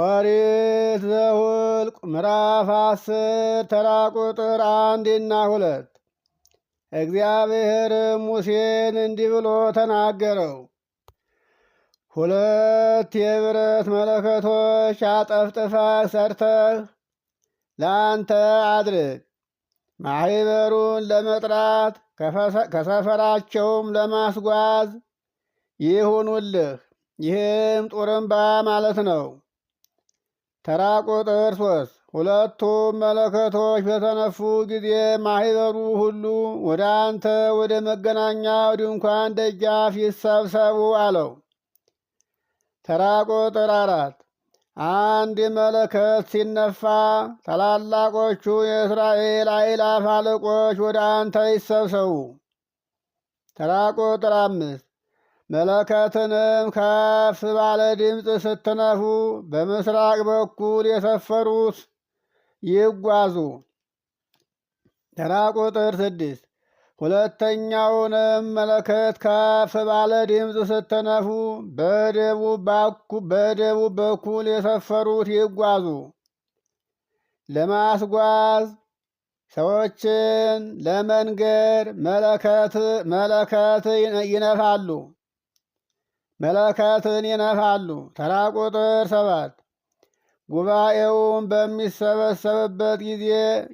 ኦሪት ዘኍልቍ ምዕራፍ አስር ተራ ቁጥር አንድና ሁለት እግዚአብሔርም ሙሴን እንዲህ ብሎ ተናገረው። ሁለት የብረት መለከቶች አጠፍጥፈህ ሰርተህ ለአንተ አድርግ። ማህበሩን ለመጥራት ከሰፈራቸውም ለማስጓዝ ይሁኑልህ። ይህም ጡርምባ ማለት ነው። ተራ ቁጥር ሶስት ሁለቱም መለከቶች በተነፉ ጊዜ ማህበሩ ሁሉ ወደ አንተ ወደ መገናኛው ድንኳን ደጃፍ ይሰብሰቡ አለው። ተራ ቁጥር አራት አንድ መለከት ሲነፋ ታላላቆቹ የእስራኤል አእላፍ አለቆች ወደ አንተ ይሰብሰቡ። ተራ ቁጥር አምስት መለከትንም ከፍ ባለ ድምፅ ስትነፉ በምስራቅ በኩል የሰፈሩት ይጓዙ። ተራ ቁጥር ስድስት ሁለተኛውንም መለከት ከፍ ባለ ድምፅ ስትነፉ በደቡብ በኩል የሰፈሩት ይጓዙ። ለማስጓዝ ሰዎችን ለመንገድ መለከት ይነፋሉ። መለከትን ይነፋሉ። ተራ ቁጥር ሰባት ጉባኤውም በሚሰበሰብበት ጊዜ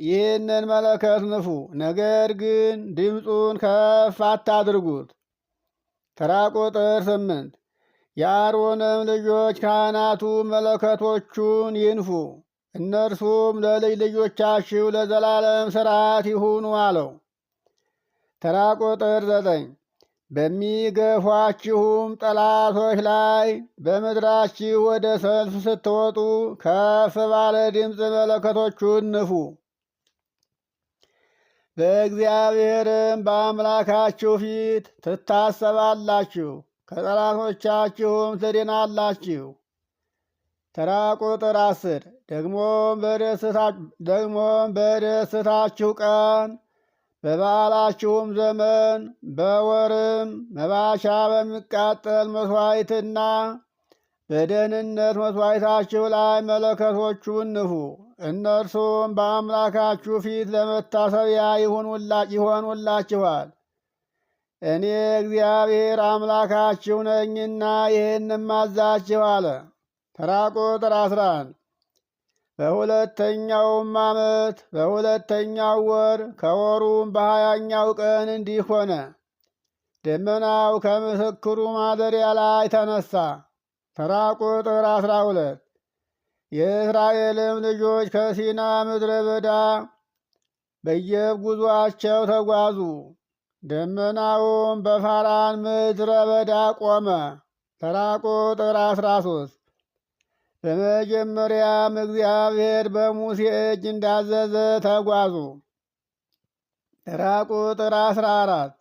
ይህንን መለከት ንፉ፣ ነገር ግን ድምፁን ከፍ አታድርጉት። ተራ ቁጥር ስምንት የአሮንም ልጆች ካህናቱ መለከቶቹን ይንፉ፣ እነርሱም ለልጅ ልጆቻችሁ ለዘላለም ስርዓት ይሁኑ አለው። ተራ ቁጥር ዘጠኝ በሚገፏችሁም ጠላቶች ላይ በምድራችሁ ወደ ሰልፍ ስትወጡ ከፍ ባለ ድምፅ መለከቶቹን ንፉ። በእግዚአብሔርም በአምላካችሁ ፊት ትታሰባላችሁ፣ ከጠላቶቻችሁም ትድናላችሁ። ተራ ቁጥር አስር ደግሞም በደስታችሁ ቀን በበዓላችሁም ዘመን በወርም መባቻ በሚቃጠል መስዋይትና በደህንነት መሥዋዕታችሁ ላይ መለከቶቹን ንፉ። እነርሱም በአምላካችሁ ፊት ለመታሰቢያ ይሆኑላችኋል። እኔ እግዚአብሔር አምላካችሁ ነኝና ይህን ማዛችሁ አለ። ተራ ቁጥር አስራ አንድ በሁለተኛውም ዓመት በሁለተኛው ወር ከወሩም በሀያኛው ቀን እንዲህ ሆነ። ደመናው ከምስክሩ ማደሪያ ላይ ተነሳ። ተራ ቁጥር አስራ ሁለት የእስራኤልም ልጆች ከሲና ምድረ በዳ በየጉዟቸው ተጓዙ። ደመናውም በፋራን ምድረ በዳ ቆመ። ተራ ቁጥር አስራ ሶስት በመጀመሪያም እግዚአብሔር በሙሴ እጅ እንዳዘዘ ተጓዙ። ተራ ቁጥር አስራ አራት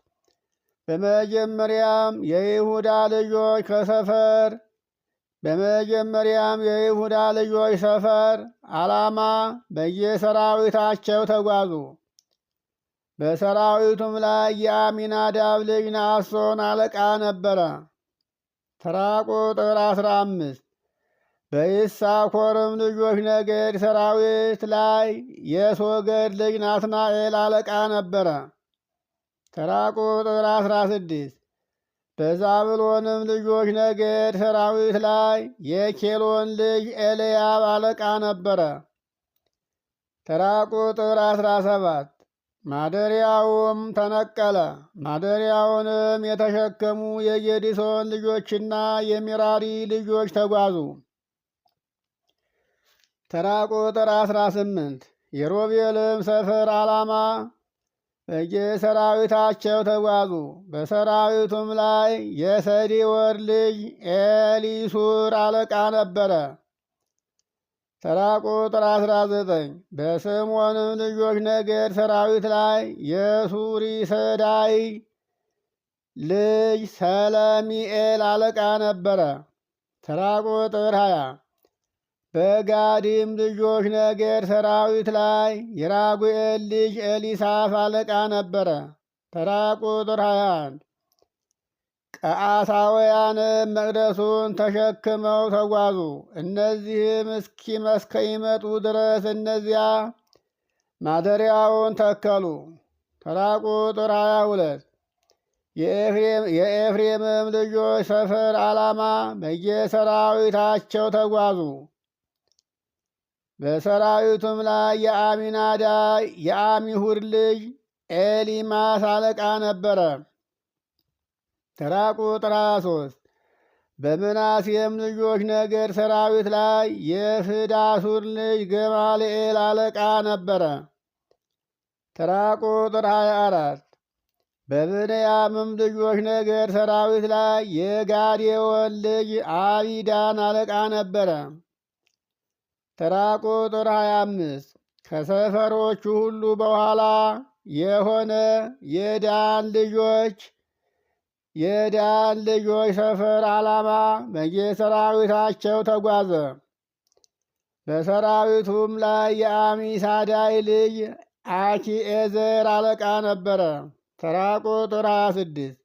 በመጀመሪያም የይሁዳ ልጆች ከሰፈር በመጀመሪያም የይሁዳ ልጆች ሰፈር ዓላማ በየሰራዊታቸው ተጓዙ። በሰራዊቱም ላይ የአሚናዳብ ልጅ ናሶን አለቃ ነበረ። ተራ ቁጥር አስራ አምስት በይሳኮርም ልጆች ነገድ ሰራዊት ላይ የሶገድ ልጅ ናትናኤል አለቃ ነበረ። ተራ ቁጥር 16 በዛብሎንም ልጆች ነገድ ሰራዊት ላይ የኬሎን ልጅ ኤልያብ አለቃ ነበረ። ተራ ቁጥር 17 ማደሪያውም ተነቀለ። ማደሪያውንም የተሸከሙ የጌዲሶን ልጆችና የሚራሪ ልጆች ተጓዙ። ተራ ቁጥር 18 የሮቤልም ሰፈር ዓላማ በየ ሰራዊታቸው ተጓዙ። በሰራዊቱም ላይ የሰዲ ወር ልጅ ኤሊሱር አለቃ ነበረ። ተራ ቁጥር 19 በስምዖንም ልጆች ነገድ ሰራዊት ላይ የሱሪ ሰዳይ ልጅ ሰለሚኤል አለቃ ነበረ። ተራ ቁጥር 20 በጋድም ልጆች ነገድ ሰራዊት ላይ የራጉኤል ልጅ ኤሊሳፍ አለቃ ነበረ። ተራ ቁጥር 21 ቀአሳውያንም መቅደሱን ተሸክመው ተጓዙ። እነዚህም መስከይመጡ ድረስ እነዚያ ማደሪያውን ተከሉ። ተራ ቁጥር 22 የኤፍሬምም ልጆች ሰፈር ዓላማ በየሰራዊታቸው ተጓዙ። በሰራዊቱም ላይ የአሚናዳ የአሚሁድ ልጅ ኤሊማስ አለቃ ነበረ። ተራ ቁጥር 23 በምናሴም ልጆች ነገድ ሰራዊት ላይ የፍዳሱር ልጅ ገማልኤል አለቃ ነበረ። ተራ ቁጥር 24 በብንያምም ልጆች ነገድ ሰራዊት ላይ የጋዴወን ልጅ አቢዳን አለቃ ነበረ። ተራ ቁጥር 25 ከሰፈሮቹ ሁሉ በኋላ የሆነ የዳን ልጆች የዳን ልጆች ሰፈር ዓላማ በየሰራዊታቸው ተጓዘ። በሰራዊቱም ላይ የአሚሳዳይ ልጅ አኪኤዘር አለቃ ነበረ። ተራ ቁጥር 26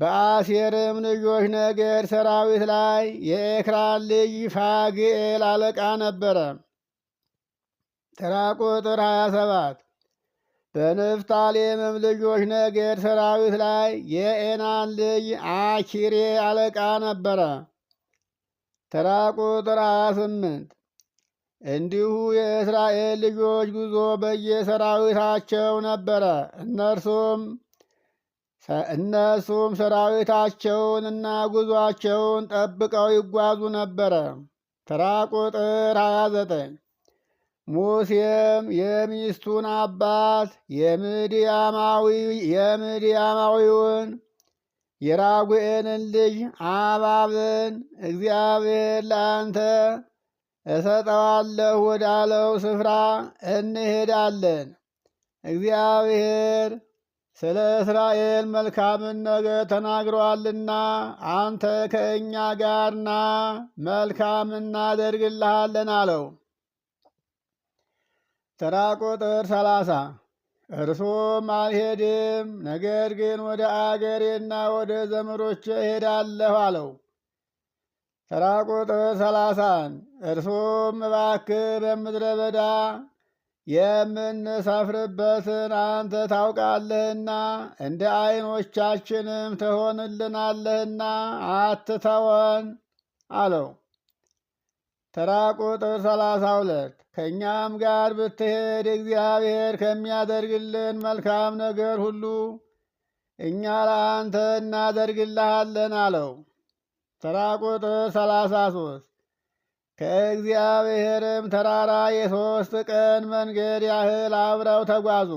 በአሴርም ልጆች ነገድ ሰራዊት ላይ የኤክራን ልጅ ፋግኤል አለቃ ነበረ። ተራ ቁጥር 27 በንፍታሌምም ልጆች ነገድ ሰራዊት ላይ የኤናን ልጅ አኪሬ አለቃ ነበረ። ተራ ቁጥር 28 እንዲሁ የእስራኤል ልጆች ጉዞ በየሰራዊታቸው ነበረ እነርሱም እነሱም ሰራዊታቸውንና ጉዟቸውን ጠብቀው ይጓዙ ነበረ። ተራ ቁጥር 29 ሙሴም የሚስቱን አባት የምድያማዊውን የራጉኤልን ልጅ አባብን እግዚአብሔር ለአንተ እሰጠዋለሁ ወዳለው ስፍራ እንሄዳለን እግዚአብሔር ስለ እስራኤል መልካምን ነገር ተናግሯልና አንተ ከእኛ ጋርና መልካም እናደርግልሃለን አለው። ተራ ቁጥር ሰላሳ እርሱም አልሄድም፣ ነገር ግን ወደ አገሬና ወደ ዘመዶቼ እሄዳለሁ አለው። ተራ ቁጥር ሰላሳን እርሱም እባክህ በምድረ በዳ የምንሰፍርበትን አንተ ታውቃለህና እንደ ዐይኖቻችንም ትሆንልናለህና አትተወን አለው። ተራ ቁጥር ሰላሳ ሁለት ከእኛም ጋር ብትሄድ እግዚአብሔር ከሚያደርግልን መልካም ነገር ሁሉ እኛ ለአንተ እናደርግልሃለን አለው። ተራ ቁጥር ሰላሳ ሶስት ከእግዚአብሔርም ተራራ የሦስት ቀን መንገድ ያህል አብረው ተጓዙ።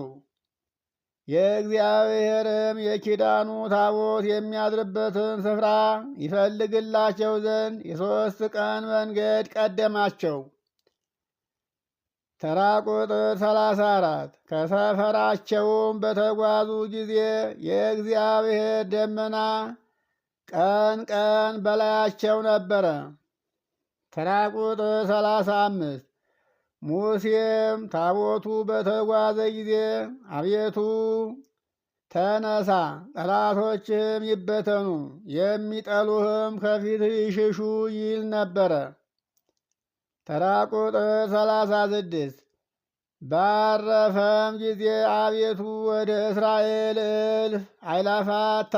የእግዚአብሔርም የኪዳኑ ታቦት የሚያድርበትን ስፍራ ይፈልግላቸው ዘንድ የሦስት ቀን መንገድ ቀደማቸው። ተራ ቁጥር 34 ከሰፈራቸውም በተጓዙ ጊዜ የእግዚአብሔር ደመና ቀን ቀን በላያቸው ነበረ። ተራ ቁጥር ሰላሳ አምስት ሙሴም ታቦቱ በተጓዘ ጊዜ አቤቱ ተነሳ፣ ጠላቶችም ይበተኑ፣ የሚጠሉህም ከፊት ይሽሹ ይል ነበረ። ተራ ቁጥር ሰላሳ ስድስት ባረፈም ጊዜ አቤቱ ወደ እስራኤል እልፍ አይላፋት